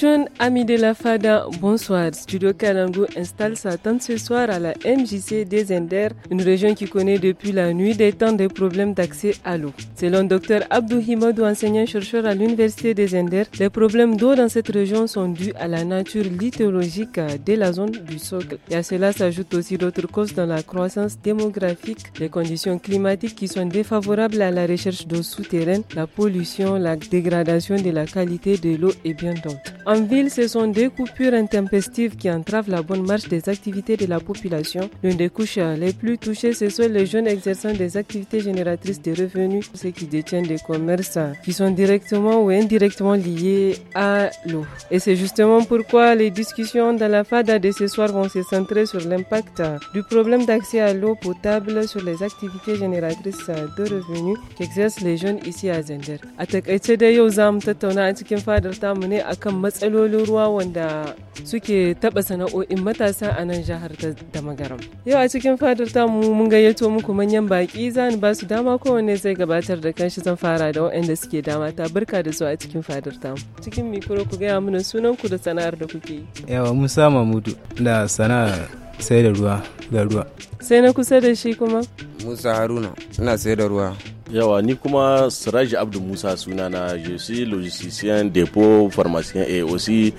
jeunes amis de la FADA, bonsoir. Studio Kalangu installe sa tente ce soir à la MJC des Enders, une région qui connaît depuis la nuit des temps des problèmes d'accès à l'eau. Selon Dr Abdou Himadou, enseignant-chercheur à l'Université des Enders, les problèmes d'eau dans cette région sont dus à la nature lithologique de la zone du socle. Et à cela s'ajoutent aussi d'autres causes dans la croissance démographique, les conditions climatiques qui sont défavorables à la recherche d'eau souterraine, la pollution, la dégradation de la qualité de l'eau et bien d'autres. En ville, ce sont des coupures intempestives qui entravent la bonne marche des activités de la population. L'une des couches les plus touchées, ce sont les jeunes exerçant des activités génératrices de revenus, ceux qui détiennent des commerces qui sont directement ou indirectement liés à l'eau. Et c'est justement pourquoi les discussions dans la FADA de ce soir vont se centrer sur l'impact du problème d'accès à l'eau potable sur les activités génératrices de revenus qu'exercent les jeunes ici à Zender. matsalolin ruwa wanda suke taɓa sana'o'in matasa a nan jihar ta magaram. Yau a cikin fadar tamu mun gayyato muku manyan baƙi za ni ba su dama kowanne zai gabatar da kanshi zan fara da waɗanda suke dama ta barka da zuwa a cikin fadar tamu. Cikin mikro ku gaya mana sunan ku da sana'ar da kuke yi. Yawa Musa Mamudu da sana'ar sai da ruwa da ruwa. Sai na kusa da shi kuma? Musa Haruna ina sai da ruwa. yawa ni kuma siraji abdu musa sunana je suis logisticien depo pharmacien et aussi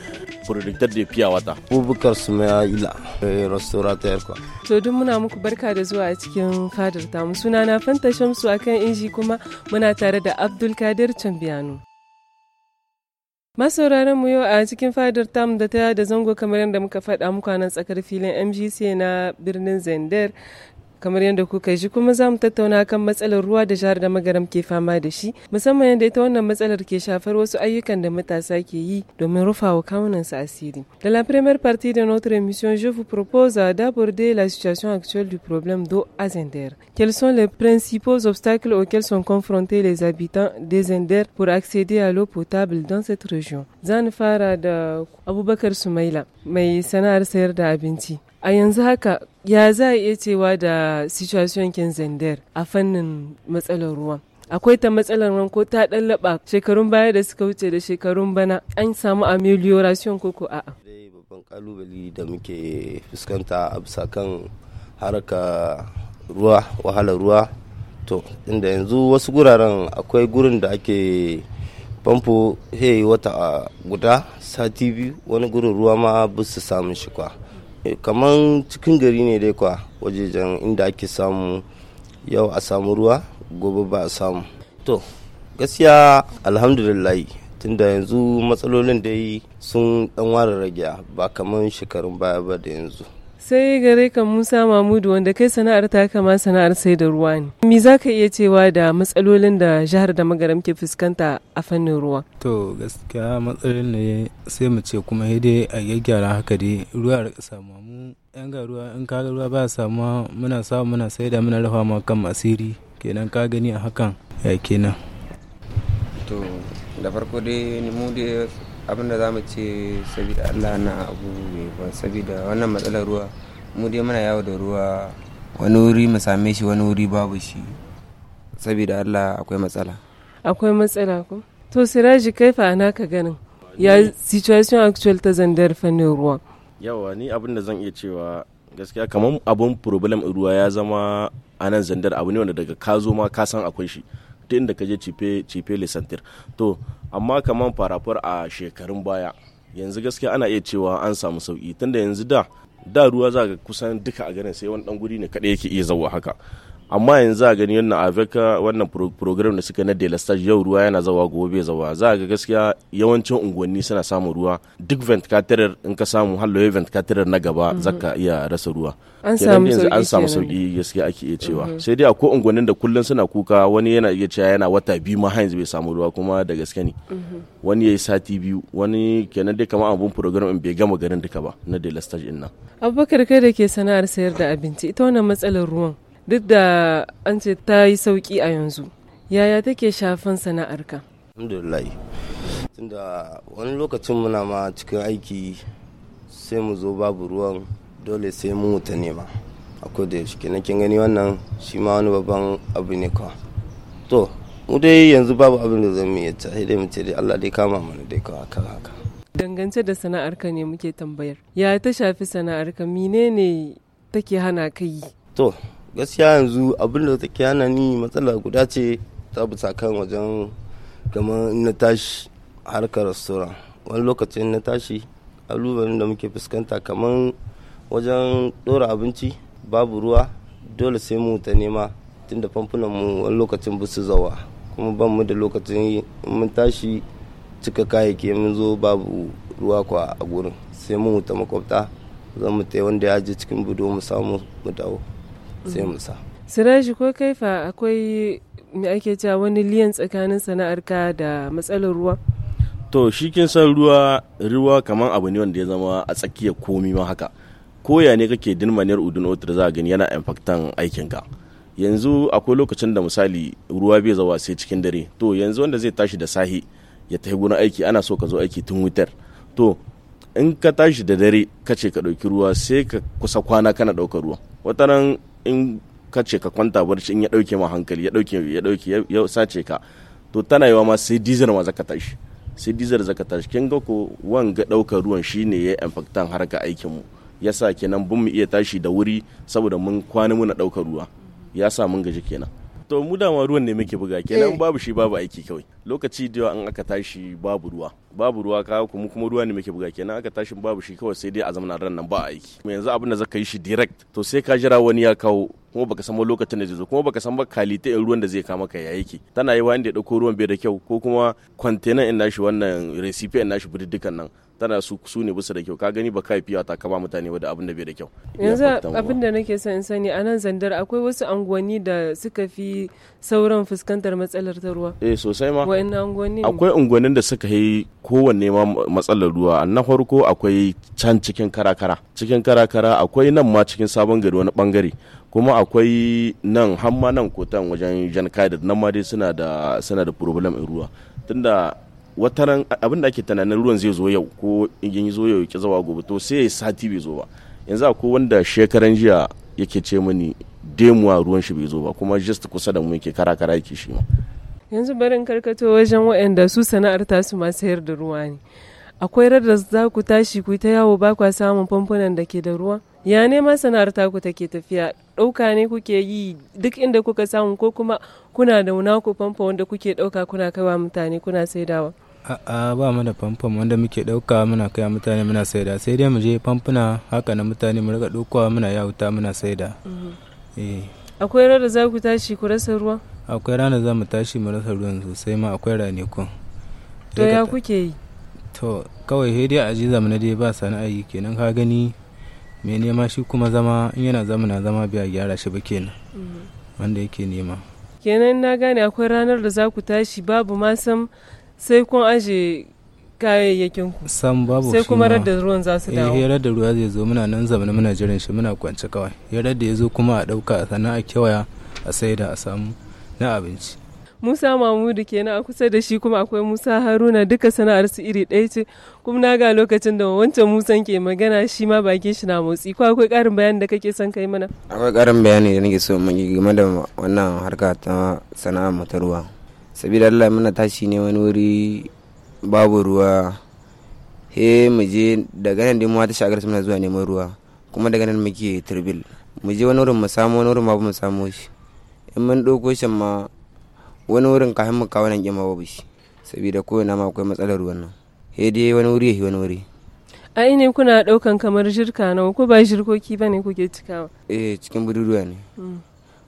producteur de piya wata bubukar sumaya ila eh, restaurateur kwa to duk muna muku barka da zuwa a cikin fadar tamu sunana fanta shamsu akan inji kuma muna tare da abdul kadir cambiano masauraran mu yau a cikin fadar tam da ta da zango kamar yadda muka faɗa muku nan tsakar filin mgc na birnin zender kamar yadda kuka ji kuma za mu tattauna kan matsalar ruwa da jihar da magaram ke fama da shi musamman yadda ita wannan matsalar ke shafar wasu ayyukan da matasa ke yi domin rufawa su asiri. Da la première partie de notre émission, je vous propose d'aborder la situation actuelle du problème d'eau à Zender. Quels sont les principaux obstacles auxquels sont confrontés les habitants des Zender pour accéder à l'eau potable dans cette région? Zan fara da Abubakar Sumaila mai sana'ar sayar da abinci. a yanzu haka ya za a iya cewa da situation kin zender a fannin matsalar ruwa akwai ta matsalar ruwan ko ta dan laba shekarun baya da suka wuce da shekarun bana an samu amelioration ko ko a'a dai babban kalubale da muke fuskanta a bisa kan haraka ruwa wahalar ruwa to inda yanzu wasu guraren akwai gurin da ake famfo hey wata guda sati biyu wani gurin ruwa ma ba samun shi Eh, kaman cikin gari ne dai kwa wajejen inda ake samu yau a samu ruwa gobe ba a samu to gaskiya alhamdulillahi tunda yanzu matsalolin dai sun dan ware rage ba kaman shekarun baya ba da yanzu sai gare ka musa mamudu wanda kai sana'ar ta kama sana'ar sai da ruwa ne mi za ka iya cewa da matsalolin da jihar da magaram ke fuskanta a fannin ruwa to gaskiya matsalolin ne sai mu ce kuma dai a gyaggyara haka dai ruwa a samu mu yan ga ruwa in ka ruwa ba samuwa muna samu muna saida muna rafa ma kan masiri kenan ka gani a hakan ya kenan to da farko dai mu dai abin da za mu ce saboda allah na abu mai ban saboda wannan matsalar ruwa mu dai muna yawo da ruwa wani wuri mu same shi wani wuri babu shi saboda allah akwai matsala akwai matsala ko to siraji kai fa ana ka ganin ya situation actual ta zandar fannin ruwa yawa ni abin da zan iya cewa gaskiya kamar abun problem ruwa ya zama a nan zandar abu ne wanda daga ka zo ma ka san akwai shi tun inda ka je cife cife lisantir to amma kamar farafar a shekarun baya yanzu gaskiya ana iya cewa an samu sauki tunda yanzu da da ruwa za ga kusan duka a ganin sai wani dan guri ne kaɗai yake iya zauwa haka amma yanzu a gani a aveka wannan program da suka na de yau ruwa yana zawa gobe zawa za ga gaskiya yawancin unguwanni suna samun ruwa duk ventilator in ka samu halloye ventilator na gaba mhm. zaka iya rasa ruwa an samu sauki an gaskiya ake iya cewa mhm. sai dai akwai unguwannin da kullun suna kuka wani yana iya cewa yana wata biyu ma hanyar bai samu ruwa kuma da gaske ne mhm. wani ya yi sati biyu wani kenan dai kamar abun program in bai gama garin duka ba na de stage din nan abubakar kai da ke sana'ar sayar da abinci ita wannan matsalar ruwan duk da an ce ta yi sauki a yanzu yaya take shafan sana'arka alhamdulillah tunda wani lokacin muna ma cikin aiki sai mu zo babu ruwan dole sai mu wuta nema A da yaushe kenan kin gani wannan shi ma wani babban abu ne kawai to mu dai yanzu babu abin da zan iya ta sai mu ce dai Allah dai kama mana dai kawa kan haka dangance da sana'arka ne muke tambayar ya ta shafi sana'arka menene take hana ka yi to gaskiya yanzu abin da take yana ni matsala guda ce ta bisa kan wajen gama na tashi harkar restaurant wani lokacin na tashi kalubalen da muke fuskanta kamar wajen dora abinci babu ruwa dole sai mu ta nema tunda famfunan mu wani lokacin ba su zawa kuma ban mu da lokacin mun tashi cika kayayyaki mun zo babu ruwa kwa a gurin sai mu ta makwabta zan mu ta wanda ya je cikin budo mu samu mu dawo sai mu sa sirashi ko kaifa akwai me ake cewa wani liyan tsakanin sana'arka da matsalar ruwa to shi kin san ruwa ruwa kamar abu ne wanda ya zama a tsakiyar komi ma haka ko ya ne kake dinmanyar udun otar za gani yana impactan aikinka yanzu akwai lokacin da misali ruwa bai zawa sai cikin dare to yanzu wanda zai tashi da sahi ya tafi gurin aiki ana so ka zo aiki tun wutar to in ka tashi da dare ka ce ka ɗauki ruwa sai ka kusa kwana kana ɗaukar ruwa nan. in ka ce ka kwanta barci in ya dauke ma hankali ya dauke ya dauke ya sace ka to tana yawa ma sai dizar ma zaka tashi sai dizar zaka tashi kin ga ko ga daukar ruwan shine ya impactan harka aikin mu yasa kenan bin mu iya tashi da wuri saboda mun kwana muna daukar ruwa yasa mun gaji kenan to mu dama ruwan ne muke buga kenan eh. babu shi babu aiki kawai lokaci da an aka tashi babu ruwa babu ruwa ka kuma kuma ruwa ne muke buga kenan aka tashi babu shi kawai sai dai a zamanin ran nan ba aiki yanzu abin da zaka yi shi direct to sai ka jira wani ya kawo kuma baka san lokacin da zai zo kuma baka san ba kalite in ruwan da zai kama ka ya yake tana yi wa inda ya dauko ruwan bai da kyau ko kuma container in nashi wannan recipe in nashi bididdikan nan tana su su ne bisa da kyau ka gani ba kai fiya ta kama mutane wadda abin da bai da kyau yanzu abin da nake son in sani anan zandar akwai wasu angwani da suka fi sauran fuskantar matsalar ta ruwa eh sosai ma wa'annan angwani akwai unguwannin da suka yi kowanne ma matsalar ruwa na farko akwai can cikin karakara cikin karakara akwai nan ma cikin sabon gari wani bangare kuma akwai nan hamma nan kotan wajen jan ka'idar nan ma dai suna da suna da problem ruwa tunda nan abin da ake tunanin ruwan zai zo yau ko in zo yau ki zawa gobe to sai sati bai zo ba yanzu ko wanda shekaran jiya yake ce mini demuwa ruwan shi bai zo ba kuma just kusa da mu yake kara kara yake shi yanzu barin karkato wajen waɗanda su sana'ar tasu masu sayar da ruwa ne akwai radda za ku tashi ku ta yawo ba kwa samun famfunan da ke da ruwa ya nema sana'ar taku take tafiya ɗauka ne kuke yi duk inda kuka samu ko kuma kuna da wuna ku famfa wanda kuke ɗauka kuna kaiwa mutane kuna saidawa a'a ba mu da famfon wanda muke ɗauka muna kai mutane muna saida sai dai mu je famfuna haka na mutane mu riga ɗaukowa muna yawuta muna saida mm-hmm. eh. akwai rana za ku tashi ku rasa ruwa akwai rana za mu tashi mu rasa ruwan sosai ma akwai ko. to ya kuke yi to kawai sai dai a ji zamana dai ba yi kenan ka gani mai nema shi kuma zama in yana zama na zama biya gyara shi ba kenan mm. wanda yake nema kenan na gane akwai ranar da za ku tashi babu ma sam sai kun aje kayayyakin ku sam babu sai kuma radda ruwan za su eh, dawo eh radda ruwa zai zo muna nan zamanin muna jiran shi muna kwance kawai ya radda ya zo kuma a dauka sannan a kewaya a saida a samu na abinci Musa Mamudu kenan a kusa da shi kuma akwai Musa Haruna duka sana'ar su iri ɗaya ce kuma na ga lokacin da wancan Musan ke magana shi ma bakin shi na motsi ko akwai ƙarin bayani da kake son kai mana akwai ƙarin bayani da nake so mu game da wannan harka ta sana'ar motarwa. ta ruwa Allah muna tashi ne wani wuri babu ruwa he mu je daga nan dai mu ta shagar muna zuwa neman ruwa kuma daga nan muke turbil mu je wani wurin mu samu wani wurin babu mu samu shi in mun ɗauko shi ma wani wurin kafin mu kawo nan kima babu shi saboda kowane ma akwai matsalar ruwan nan he dai wani wuri ya wani wuri ai ne kuna daukan kamar jirka nawa ko ba jirkoki bane kuke cikawa eh cikin buduruwa ne hmm.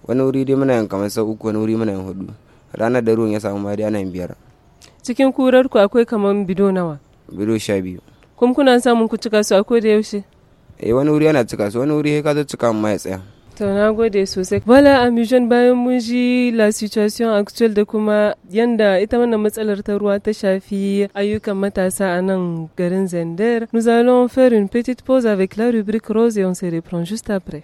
wani wuri dai muna yin kamar sau uku wani wuri muna yin hudu ranar da ruwan ya samu ma dai ana yin biyar cikin kurar ku akwai kamar bido nawa bido sha biyu kuma kuna samun ku cika su akwai da yaushe eh wani wuri ana cika su wani wuri ya ka zo cika mu ma ya tsaya Voilà, amis jeunes, bah, la situation actuelle de kuma yanda ita wannan matsalar ta shafi Ayuka matasa a Zender. Nous allons faire une petite pause avec la rubrique rose et on se reprend juste après.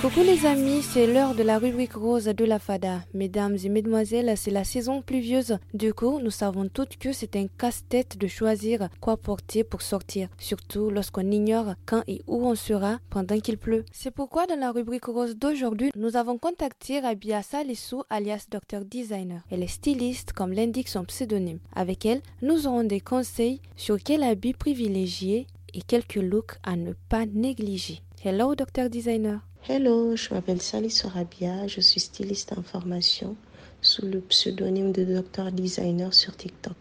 Coucou les amis, c'est l'heure de la rubrique rose de la Fada. Mesdames et mesdemoiselles, c'est la saison pluvieuse. Du coup, nous savons toutes que c'est un casse-tête de choisir quoi porter pour sortir, surtout lorsqu'on ignore quand et où on sera pendant qu'il pleut. C'est pourquoi dans la rubrique rose d'aujourd'hui, nous avons contacté Rabia Salissou alias Dr Designer. Elle est styliste comme l'indique son pseudonyme. Avec elle, nous aurons des conseils sur quel habit privilégier et quelques looks à ne pas négliger. Hello, docteur designer. Hello, je m'appelle Sally Sorabia, je suis styliste en formation sous le pseudonyme de docteur Designer sur TikTok.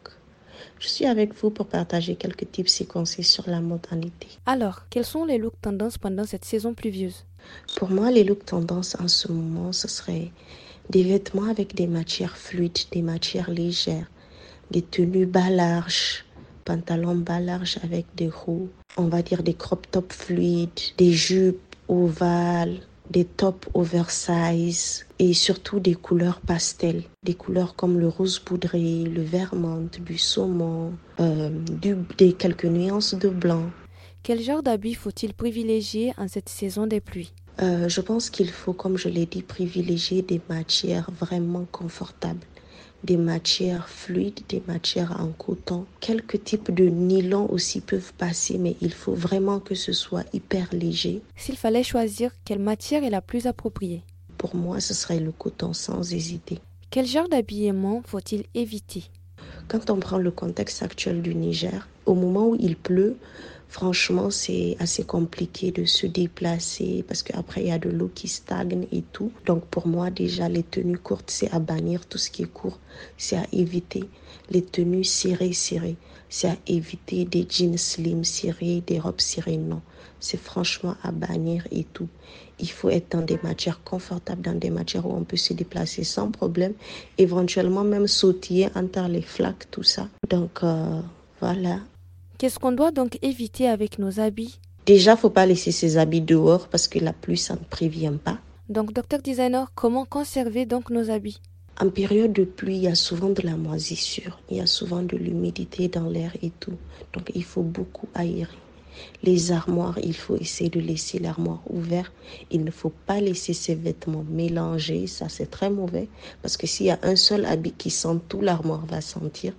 Je suis avec vous pour partager quelques tips et conseils sur la mode en été. Alors, quels sont les looks tendances pendant cette saison pluvieuse Pour moi, les looks tendances en ce moment, ce serait des vêtements avec des matières fluides, des matières légères, des tenues bas larges, pantalon bas larges avec des roues, on va dire des crop top fluides, des jupes ovales, des tops oversize et surtout des couleurs pastel, des couleurs comme le rose poudré, le vermont, du saumon, euh, des quelques nuances de blanc. Quel genre d'habits faut-il privilégier en cette saison des pluies euh, Je pense qu'il faut, comme je l'ai dit, privilégier des matières vraiment confortables des matières fluides, des matières en coton. Quelques types de nylon aussi peuvent passer, mais il faut vraiment que ce soit hyper léger. S'il fallait choisir, quelle matière est la plus appropriée Pour moi, ce serait le coton sans hésiter. Quel genre d'habillement faut-il éviter Quand on prend le contexte actuel du Niger, au moment où il pleut, Franchement, c'est assez compliqué de se déplacer parce qu'après, il y a de l'eau qui stagne et tout. Donc, pour moi, déjà, les tenues courtes, c'est à bannir tout ce qui est court. C'est à éviter les tenues serrées, serrées. C'est à éviter des jeans slim serrés, des robes serrées. Non, c'est franchement à bannir et tout. Il faut être dans des matières confortables, dans des matières où on peut se déplacer sans problème, éventuellement même sautiller entre les flaques, tout ça. Donc, euh, voilà, Qu'est-ce qu'on doit donc éviter avec nos habits Déjà, faut pas laisser ses habits dehors parce que la pluie, ça ne prévient pas. Donc, docteur designer, comment conserver donc nos habits En période de pluie, il y a souvent de la moisissure, il y a souvent de l'humidité dans l'air et tout. Donc, il faut beaucoup aérer. Les armoires, il faut essayer de laisser l'armoire ouverte. Il ne faut pas laisser ses vêtements mélangés, ça c'est très mauvais, parce que s'il y a un seul habit qui sent, tout l'armoire va sentir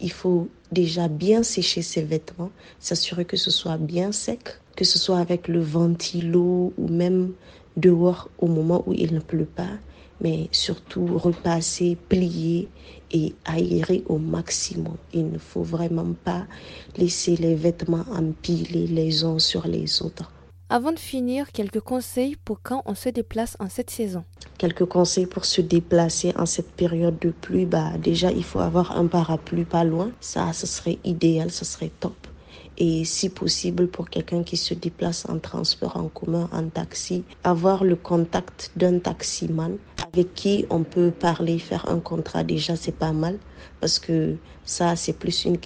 il faut déjà bien sécher ses vêtements, s'assurer que ce soit bien sec, que ce soit avec le ventilo ou même dehors au moment où il ne pleut pas, mais surtout repasser, plier et aérer au maximum. Il ne faut vraiment pas laisser les vêtements empiler les uns sur les autres. Avant de finir, quelques conseils pour quand on se déplace en cette saison. Quelques conseils pour se déplacer en cette période de pluie. Bah, déjà, il faut avoir un parapluie pas loin. Ça, ce serait idéal, ce serait top et si possible pour quelqu'un qui se déplace en transport en commun, en taxi, avoir le contact d'un taximan avec qui on peut parler, faire un contrat déjà, c'est pas mal parce que ça, c'est plus une,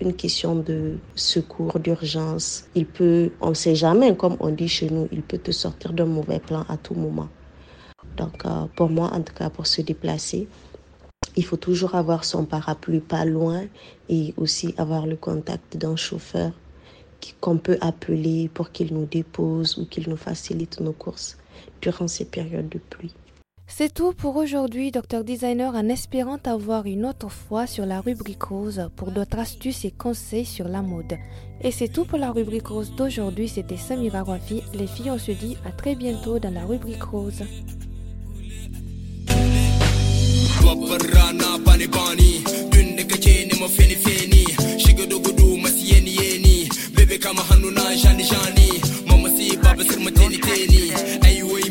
une, question de secours, d'urgence. Il peut, on ne sait jamais, comme on dit chez nous, il peut te sortir d'un mauvais plan à tout moment. Donc, euh, pour moi, en tout cas, pour se déplacer, il faut toujours avoir son parapluie pas loin et aussi avoir le contact d'un chauffeur qu'on peut appeler pour qu'il nous dépose ou qu'il nous facilite nos courses durant ces périodes de pluie. C'est tout pour aujourd'hui, docteur Designer, en espérant avoir une autre fois sur la rubrique rose pour d'autres astuces et conseils sur la mode. Et c'est tout pour la rubrique rose d'aujourd'hui, c'était Samira Wafi. Les filles, on se dit à très bientôt dans la rubrique rose. babbarraa naa baane baanii dunne kachee nama feene feenii shiga doguduu masi yeeni yeeni bebe kama hannu naa shaani shaani mamasi baaba sirma teeni teeni ayi wayi.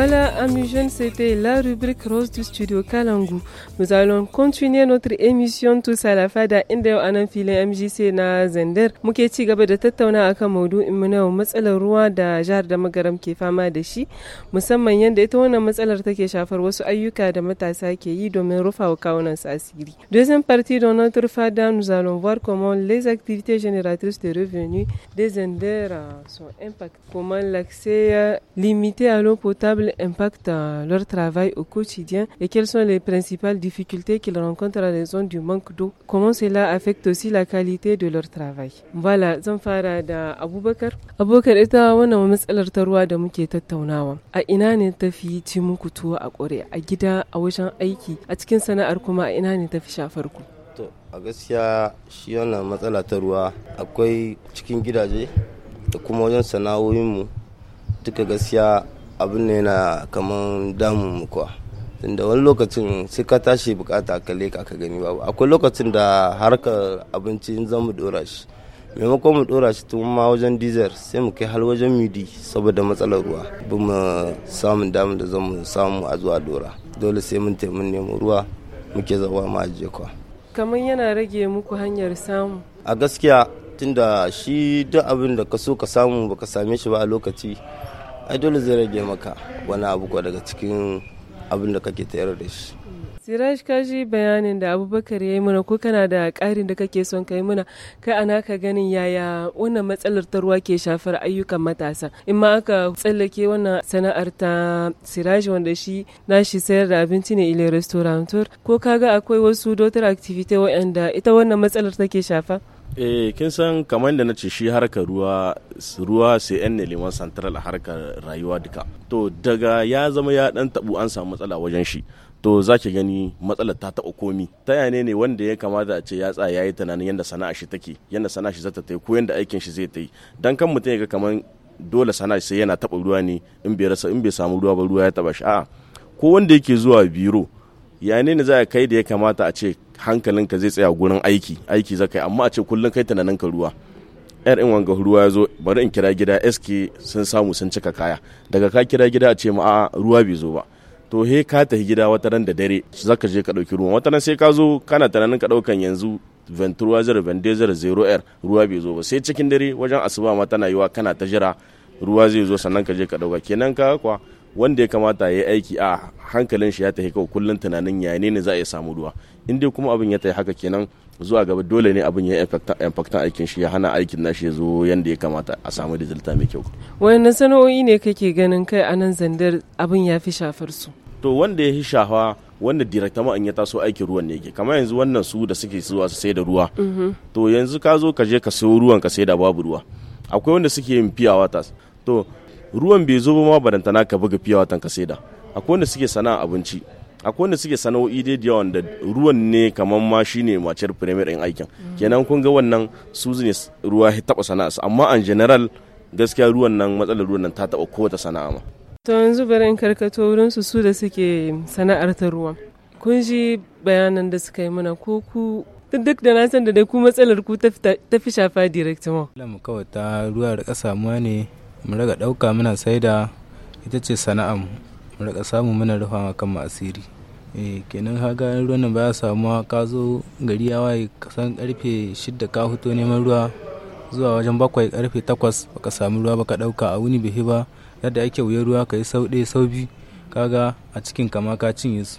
Voilà, amis jeunes, c'était la rubrique rose du studio Kalangu. Nous allons continuer notre émission tous à la fada inda yau anan filin MJC na Zender. Muke ci gaba da tattauna akan maudu'in mu na matsalar ruwa da jar da magaram ke fama da shi, musamman yadda ita wannan matsalar take shafar wasu ayyuka da matasa ke yi domin rufa wa kawunan su asiri. Deuxième partie dans notre fada, nous allons voir comment les activités génératrices de revenus des Zender sont impactées, comment l'accès euh, limité à l'eau potable impact euh, leur travail au quotidien et quelles sont les principales difficultés qu'ils rencontrent à raison du manque d'eau. Comment cela affecte aussi la qualité de leur travail. Voilà, zan fara da Abubakar. Abubakar ita wannan matsalar ta ruwa da muke tattaunawa. A ina ne tafi ci muku tuwo a ƙure, a gida, a wajen aiki, a cikin sana'ar kuma a ina ne tafi shafar ku? To, a gaskiya shi wannan matsala ta ruwa akwai cikin gidaje da kuma wajen sana'o'inmu duka gaskiya abin ne na kaman damun mu kuwa tunda wani lokacin sai ka tashi bukata ka leka ka gani ba. akwai lokacin da harkar abinci in mu dora shi maimakon mu dora shi tun ma wajen dizel sai mu kai har wajen midi saboda matsalar ruwa ba mu samun damun da zan mu samu a zuwa dora dole sai mun taimun nemo ruwa muke zawa ma ajiye kwa kamar yana rage muku hanyar samu a gaskiya tunda shi duk abin da ka so ka samu baka same shi ba a lokaci ai dole zai rage maka wani abu ko daga cikin abin da kake tayar da shi siraj ka ji bayanin da abubakar ya yi mana ko kana da ƙarin da kake son kai mana kai ana ka ganin yaya wannan matsalar ta ruwa ke shafar ayyukan matasa in ma aka tsallake wannan sana'ar ta siraj wanda shi nashi sayar da abinci ne ile restaurateur ko kaga akwai wasu dotar activity waɗanda ita wannan matsalar take shafa eh kin san kamar da na ce shi harkar ruwa ruwa sai yan neman central a harkar rayuwa duka to daga ya zama ya dan tabu an samu matsala wajen shi to za ki gani matsalar ta taɓa komi ta yane ne wanda ya kamata a ce ya tsaya ya yi tunanin yadda sana'a shi take yadda sana'a shi zata ta yi ko yadda aikin shi zai ta yi dan kan mutum ya ga kamar dole sana'a sai yana taɓa ruwa ne in bai rasa in bai samu ruwa ba ruwa ya taɓa shi a'a ko wanda yake zuwa biro ya ne ne za a kai da ya kamata a ce hankalinka zai tsaya gurin aiki aiki za ka amma a ce kullum kai ka ruwa yar in wanga ruwa ya zo bari in kira gida sk sun samu sun cika kaya daga ka kira gida a ce ma ruwa bai zo ba to he ka tafi gida wata ran da dare za ka je ka ɗauki ruwa wata ran sai ka zo kana tunanin ka daukan yanzu ventura zero zero air ruwa bai zo ba sai cikin dare wajen asuba ma tana yiwa kana ta jira ruwa zai zo sannan ka je ka ɗauka kenan ka kwa wanda ya kamata ya yi aiki a hankalin shi ya tafi kawai kullum tunanin ya ne ne za a samu ruwa in dai kuma abin ya tafi haka kenan zuwa gaba dole ne abin ya impactan aikin shi ya hana aikin nashi ya zo yanda ya kamata a samu rizalta mai kyau wani sana'o'i ne kake ganin kai a nan zandar abin ya fi shafar su to wanda ya fi shafa wanda direkta in ya taso aikin ruwan ne yake kamar yanzu wannan su da suke zuwa su sai da ruwa mm-hmm. to yanzu ka zo ka je ka sayo ruwan ka sai da babu ruwa akwai wanda suke yin fiyawa ta to ruwan bai zo ba ma barantana ka buga fiya watan ka saida akwai wanda suke sana abinci akwai wanda suke sana'o'i dai da wanda ruwan ne kamar ma shine macer premier din aikin kenan kun ga wannan su ne ruwa ya taba sana'a amma an general gaskiya ruwan nan matsalar ruwan nan ta taba kowace sana'a ma to yanzu bari in karkato wurin su su da suke sana'ar ta ruwa kun ji bayanan da suka yi mana ko ku duk da na san da dai ku matsalar ku ta fi shafa mu kawai ta ruwa da kasa ne mu raga ɗauka muna saida ita ce sana'ar mu raga samu muna rufa kan asiri eh kenan haga ruwan ba ya samu ka zo gari ya waye kasan karfe shidda ka fito neman ruwa zuwa wajen bakwai karfe takwas baka samu ruwa baka ɗauka a wuni bihi ba yadda ake wuya ruwa ka yi sau ɗaya sau kaga a cikin kama ka cinye su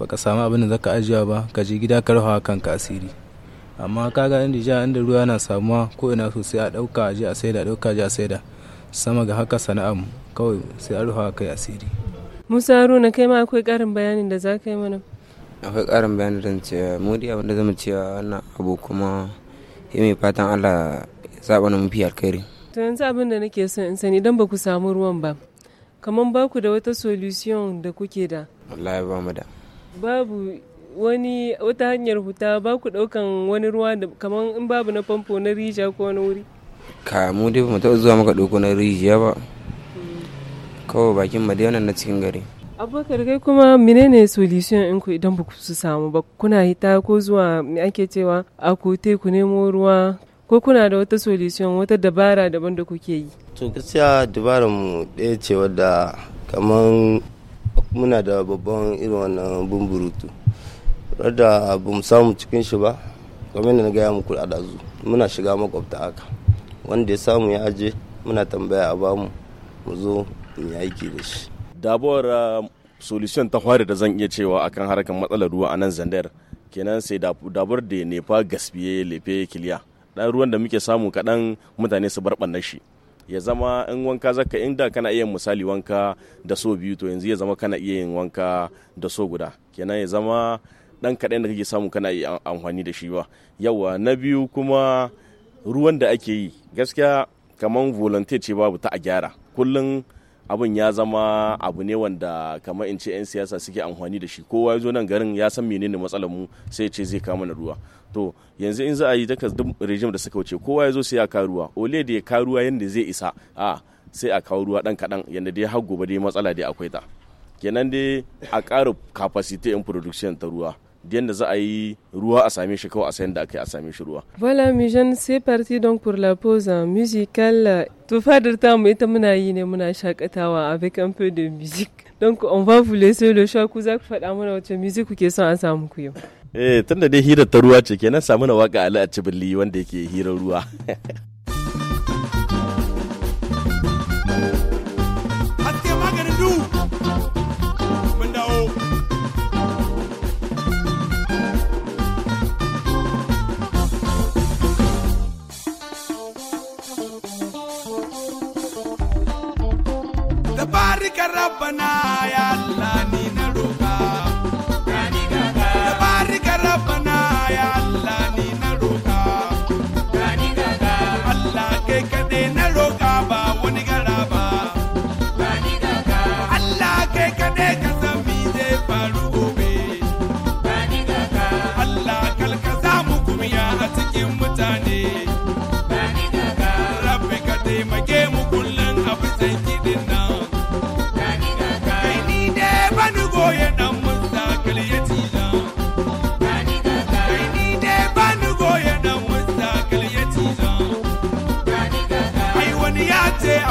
baka samu abin da zaka ajiya ba ka je gida ka rahawa kanka asiri amma kaga inda ja inda ruwa na samuwa ko ina sosai a dauka a je a saida dauka a je a saida sama ga haka sana'armu kawai sai a rufa kai asiri musa haruna kai ma akwai karin bayanin da za ka yi mana akwai karin bayanin da ce mu dai abin da zama cewa wannan abu kuma ya mai fatan allah ya saba na mafi alkhairi to yanzu abin da nake son in sani idan ba ku samu ruwan ba kamar ba ku da wata solution da kuke da wallahi ba mu da babu wani wata hanyar huta ba ku daukan wani ruwa kamar in babu na famfo na rija ko wani wuri ka mu dai ba taɓa zuwa maka doko na rijiya ba kawai bakin ma dai na cikin gari abubakar kai kuma menene solution in ku idan ba ku su samu ba kuna hita ko zuwa me ake cewa a kote ku nemo ruwa ko kuna da wata solution wata dabara daban da kuke yi to gaskiya dabaran mu ɗaya ce wadda kaman muna da babban irin wannan bumburutu wadda ba mu samu cikin shi ba kamar da na gaya muku a dazu muna shiga makwabta haka wanda ya samu ya aje muna tambaya a bamu mu zo mu yi aiki da shi dabuwar um, solution ta fari da zan iya cewa akan harkar matsalar ruwa a nan zandar kenan sai dabuwar da nefa gaspiye lefe kiliya dan ruwan da muke samu kaɗan mutane su bar shi ya zama in wanka zaka inda kana iya misali wanka da so biyu to yanzu ya zama kana iya yin wanka da so guda kenan ya zama dan kaɗan da kake samu kana iya amfani da shi ba yawa na biyu kuma ruwan da ake yi gaskiya kamar volunteer ce babu ta a gyara kullum abin ya zama abu ne wanda kamar in ce 'yan siyasa suke amfani da shi kowa ya zo nan garin ya san menene matsalar mu sai ce zai kama na ruwa to yanzu in za a yi daga duk rejim da suka wuce kowa ya zo sai ya kawo ruwa ole da ya kawo ruwa yadda zai isa a sai a kawo ruwa dan kadan yadda dai har gobe dai matsala dai akwai ta kenan dai a ƙara capacity in production ta ruwa yadda za a yi ruwa a same shi kawai a sayan da aka a same shi ruwa. Voilà, mes jeunes, c'est parti donc pour la pause musicale. To fadar mu ita muna yi ne muna shakatawa avec un peu de musique. Donc on va vous laisser le choix ku za ku faɗa mana wace musique kuke son a samu ku yau. Eh, tunda dai hirar ta ruwa ce kenan samu na waka Ali a cibilli wanda yake hirar ruwa. अपना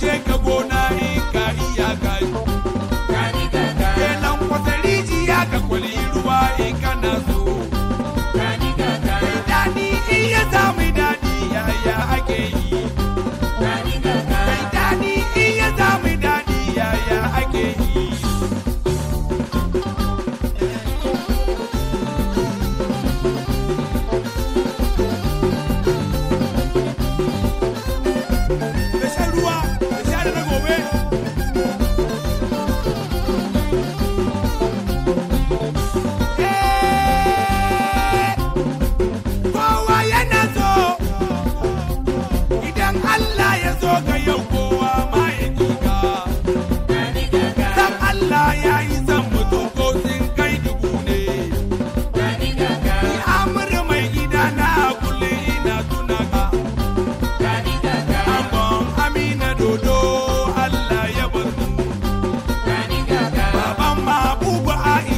je ka gona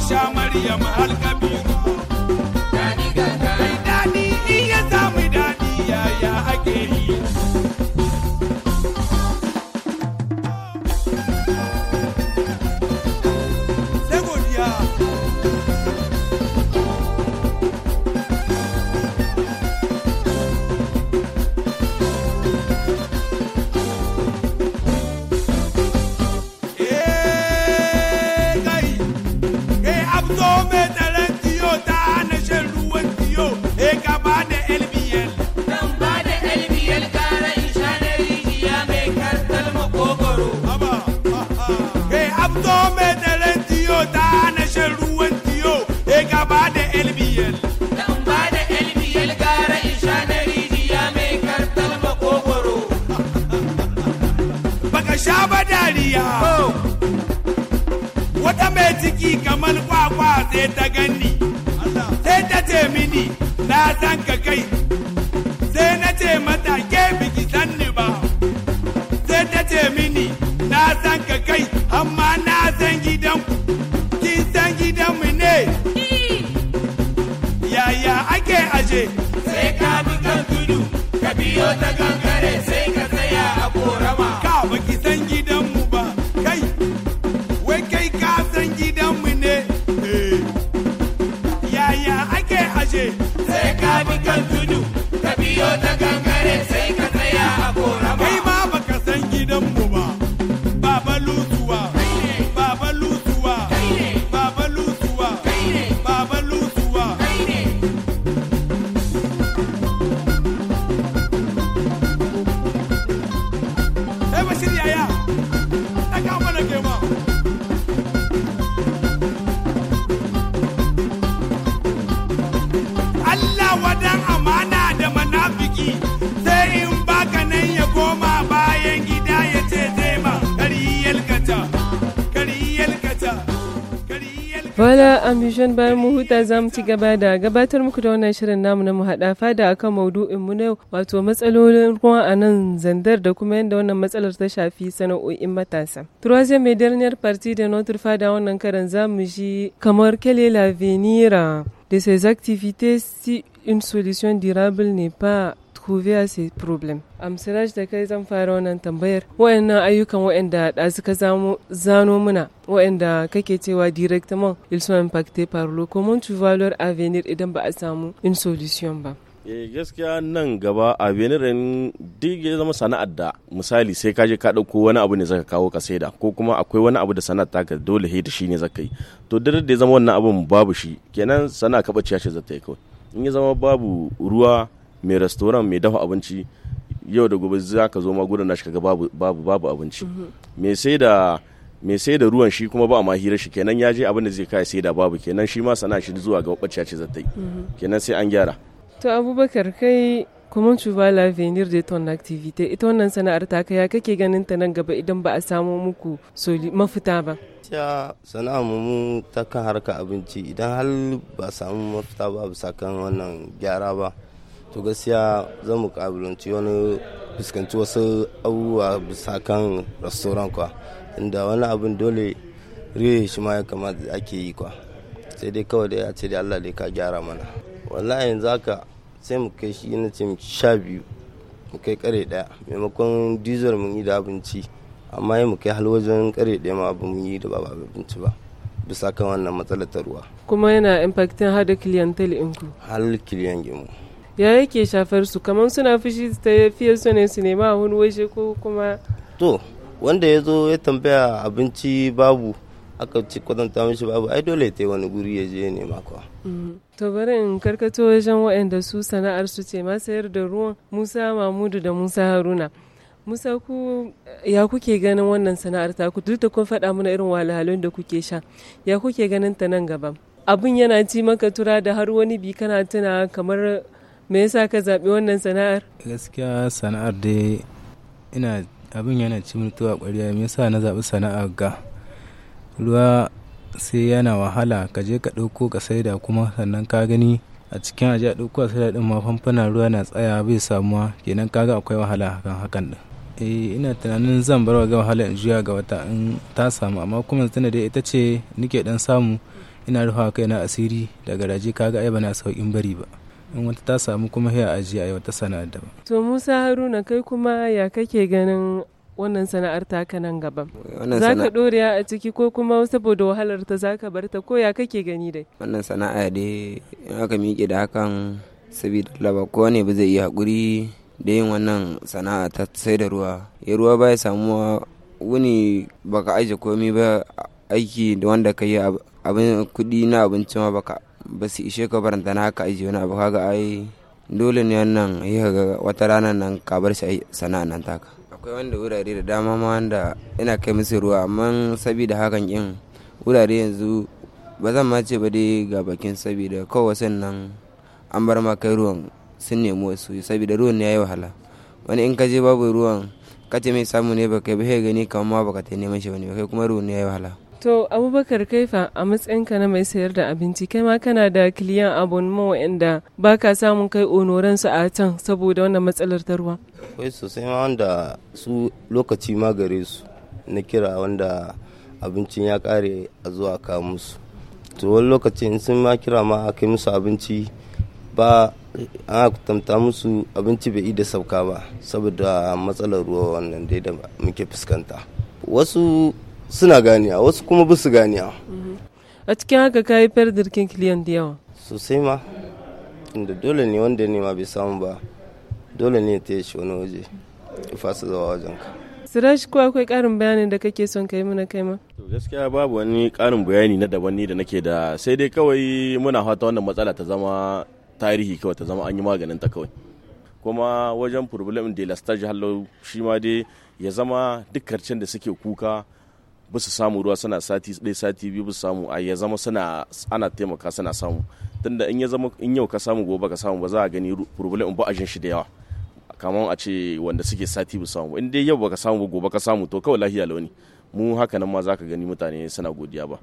Maria, Maryam Alka amma na san gidan kin san gidanmu ne yaya ake aje sai ka bi kan tudu ka biyo ta gangare sai ka tsaya a korama ka baki san gidanmu ba kai wai kai ka san gidanmu ne eh. yaya ake aje sai ka bi kan tudu ka biyo ta gangare Bala Ambition bayan mu huta za mu ci gaba da gabatar muku da wannan shirin namu na mu haɗa fada akan maudu'in mu na wato matsalolin ruwa a nan zandar da kuma yadda wannan matsalar ta shafi sana'o'in matasa. Troisième mai dernière partie de notre fada wannan karan za mu ji kamar kele la venira de ces activités si une solution durable n'est pas trouver ces problèmes. Amsiraj da kai zan fara wannan tambayar. Wayannan ayyukan waanda da suka zano muna, wayanda kake cewa directement ils sont impactés par le Comment tu vois leur avenir idan ba a samu une solution ba? eh gaskiya nan gaba a benirin duk ya zama sana'ar da misali sai ka je ka dauko wani abu ne zaka kawo ka saida ko kuma akwai wani abu da sana'ar taka dole he da shi ne zaka yi to duk da ya zama wannan abun babu shi kenan sana'a kaɓaciya ce zata yi kawai in ya zama babu ruwa mai restoran mai dafa abinci yau da gobe za ka zo ma gudun nashi kaga babu babu babu abinci mm-hmm. mai sai da mai sai da ruwan shi kuma ba ma hira shi kenan ya je abin da zai kai sai da babu kenan shi ma sana shi zuwa ga wabacciya ce zata yi mm-hmm. kenan sai an gyara to abubakar kai comment tu vois l'avenir de ton activité ita wannan sana'ar ta kai kake ganin ta nan gaba idan ba a samu muku mafita ba ya sana'ar mu ta kan harka abinci idan hal ba samu mafita ba bisa kan wannan gyara ba to gaskiya zan mu kabilanci wani fuskanci wasu abubuwa bisa kan restaurant kwa inda wani abin dole riye shi ma ya kamata ake yi kwa sai dai kawai dai a ce dai Allah dai ka gyara mana wallahi yanzu haka sai mu kai shi na ce sha biyu mu kai kare daya maimakon dizar mun yi da abinci amma yi mu kai halwajen wajen kare daya ma abin mun yi da ba abinci ba bisa kan wannan matsalar ta ruwa kuma yana impacting hada clientele ɗinku hal kiliyan mu ya yake shafar su kamar suna fushi ta fiye su ne su nema wani waje ko kuma to wanda ya zo ya tambaya abinci babu aka ci kwatanta mishi babu ai dole ta wani guri ya je nema kuwa mm. to bari in karkato wajen waɗanda su sana'ar su ce masu sayar da ruwan musa mamudu da musa haruna musa ku ya kuke ganin wannan sana'ar ta ku duk da kun faɗa mana irin wahalhalun da kuke sha ya kuke ganin ta nan gaba abin yana ci maka tura da har wani bi kana tuna kamar me yasa ka zaɓi wannan sana'ar gaskiya sana'ar dai ina abin yana ci a ƙwariya me yasa na zaɓi sana'ar ga ruwa sai yana wahala ka je ka ɗauko ka saida kuma sannan ka gani a cikin aji a ɗauko a saida ɗin ma fanfana ruwa na tsaya bai samuwa kenan kaga akwai wahala kan hakan ɗin eh ina tunanin zan bar ga wahala in juya ga wata in ta samu amma kuma tana da ita ce nike dan samu ina rufa na asiri daga raje kaga ai bana saukin bari ba in wata ta samu kuma ya ajiye a wata sana'ar daban. to musa haruna kai kuma ya kake ganin wannan sana'ar taka nan gaba za ka ɗoriya a ciki ko kuma saboda wahalar ta za ka ta ko ya kake gani dai wannan sana'a dai in aka miƙe da hakan saboda ko ne ba zai iya haƙuri da yin wannan sana'a ta sai da ruwa ya ruwa ba ya samu wuni baka aje komi ba aiki da wanda ka yi abin kuɗi na abinci ma baka ba su ishe ka baranta na haka aji wani abu kaga ai dole ne wannan yi ga wata ranar nan ka bar shi sana'a nan taka akwai wanda wurare da dama ma wanda ina kai musu ruwa amma sabida hakan yin wurare yanzu ba zan ma ce ba dai ga bakin sabida kawai nan an bar ma kai ruwan sun nemi wasu sabida ruwan ya yi wahala wani in ka je babu ruwan ka ce mai samu ne ba kai ba gani kamar ma baka ta neman shi ba ne kai kuma ruwan ne ya yi wahala To Abubakar Kaifa a matsayin ka na mai sayar da abinci kai ma kana da kiliyan abonma waɗanda ba ka samun kai onoransu a can saboda wannan matsalar ta ruwa. Wai sosai ma wanda su lokaci ma gare su na kira wanda abincin ya kare a zuwa ka musu. To wani lokaci in sun ma kira ma a kai musu abinci ba an tamta musu abinci bai da sauka ba saboda matsalar ruwa wannan dai da muke fuskanta. Wasu suna ganiya wasu kuma ba su ganiya a cikin haka ka yi dirkin kiliyan da yawa sosai ma inda dole ne wanda ne ma bai samu ba dole ne ta shi wani waje ya fasa zawa wajen ka sirash ko akwai karin bayani da kake son kai mana kai ma gaskiya babu wani karin bayani na daban ni da nake da sai dai kawai muna fata wannan matsala ta zama tarihi kawai ta zama an yi maganin ta kawai kuma wajen problem de la stage hallo shi ma dai ya zama duk karcen da suke kuka ba su samu ruwa suna sati ɗaya sati biyu ba su samu a ya zama suna ana taimaka suna samu tunda in ya zama in yau ka samu gobe ka samu ba za a gani problem ba a jin shi da yawa kamar a ce wanda suke sati ba samu in dai yau ka samu gobe ka samu to kawai lahiya launi mu haka nan ma za ka gani mutane suna godiya ba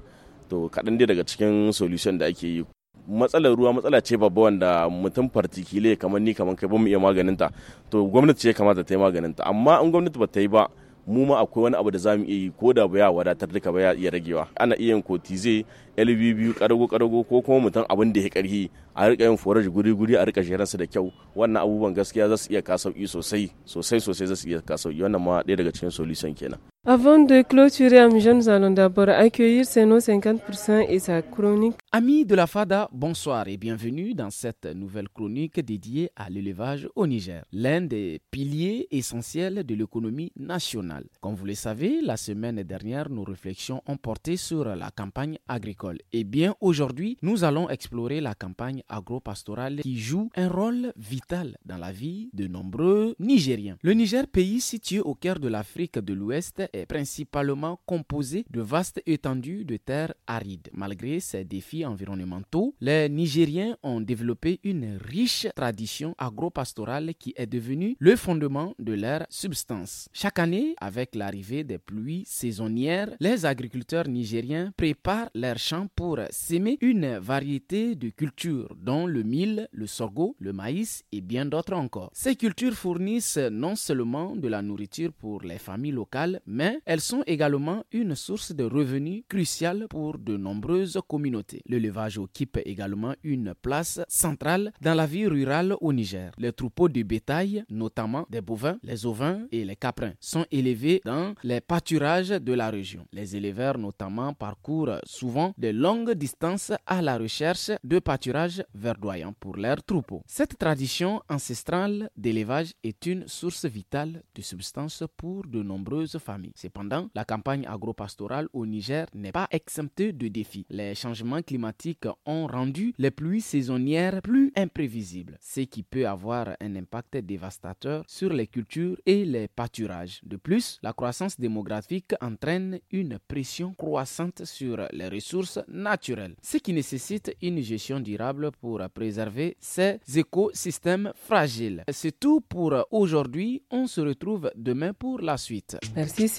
to kaɗan dai daga cikin solution da ake yi matsalar ruwa matsala ce babba wanda mutum partikile kamar ni kamar kai ba mu iya maganinta to gwamnati ce kamata ta yi maganinta amma in gwamnati ba ta yi ba mu ma akwai wani abu da zamu iya yi ko da baya wadatar duka baya iya ragewa ana iya yin kotize lb biyu karago karago ko kuma mutum abin da ya karhi a rika yin forage guri guri a rika jeran su da kyau wannan abubuwan gaskiya za su iya kasauki sosai sosai sosai za su iya kasauki wannan ma daya daga cikin solution kenan Avant de clôturer Amija, nous allons d'abord accueillir Seno 50% et sa chronique. Amis de la FADA, bonsoir et bienvenue dans cette nouvelle chronique dédiée à l'élevage au Niger, l'un des piliers essentiels de l'économie nationale. Comme vous le savez, la semaine dernière, nos réflexions ont porté sur la campagne agricole. Et eh bien aujourd'hui, nous allons explorer la campagne agro-pastorale qui joue un rôle vital dans la vie de nombreux Nigériens. Le Niger, pays situé au cœur de l'Afrique de l'Ouest, est principalement composé de vastes étendues de terres arides. Malgré ces défis environnementaux, les Nigériens ont développé une riche tradition agropastorale qui est devenue le fondement de leur substance. Chaque année, avec l'arrivée des pluies saisonnières, les agriculteurs nigériens préparent leurs champs pour s'aimer une variété de cultures, dont le mil, le sorgho, le maïs et bien d'autres encore. Ces cultures fournissent non seulement de la nourriture pour les familles locales, mais elles sont également une source de revenus cruciale pour de nombreuses communautés. L'élevage occupe également une place centrale dans la vie rurale au Niger. Les troupeaux de bétail, notamment des bovins, les ovins et les caprins, sont élevés dans les pâturages de la région. Les éleveurs notamment parcourent souvent de longues distances à la recherche de pâturages verdoyants pour leurs troupeaux. Cette tradition ancestrale d'élevage est une source vitale de substances pour de nombreuses familles. Cependant, la campagne agropastorale au Niger n'est pas exemptée de défis. Les changements climatiques ont rendu les pluies saisonnières plus imprévisibles, ce qui peut avoir un impact dévastateur sur les cultures et les pâturages. De plus, la croissance démographique entraîne une pression croissante sur les ressources naturelles, ce qui nécessite une gestion durable pour préserver ces écosystèmes fragiles. C'est tout pour aujourd'hui. On se retrouve demain pour la suite. Merci.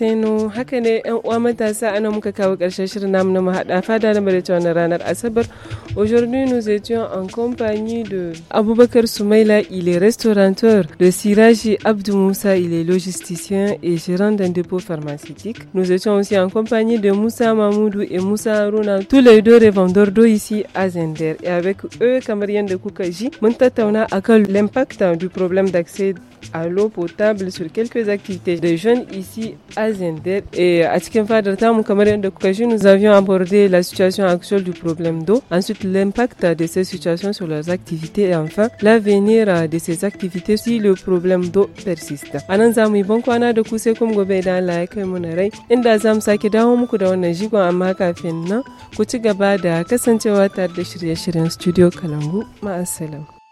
Aujourd'hui nous étions en compagnie de Aboubakar Soumaila, il est restaurateur, de Siraji Abdou Moussa, il est logisticien et gérant d'un dépôt pharmaceutique. Nous étions aussi en compagnie de Moussa Mamoudou et Moussa Aruna, tous les deux revendeurs d'eau ici à Zender. Et avec eux, Camarien de Koukaji, Muntatauna a l'impact du problème d'accès à l'eau potable sur quelques activités des jeunes ici à Zender. Et à cikin fadar tamu kamar yadda de ji, nous avions abordé la situation actuelle du problème d'eau, ensuite l'impact de ces situations sur leurs activités et enfin l'avenir de ces activités si le problème d'eau persiste. A nan za mu yi bankwana da ku sai kuma gobe idan la ya kai mu na rai, inda za mu sake dawo muku da wannan jigon amma kafin nan ku ci gaba da kasancewa tare da shirye-shiryen Studio Kalangu. Ma'asalam.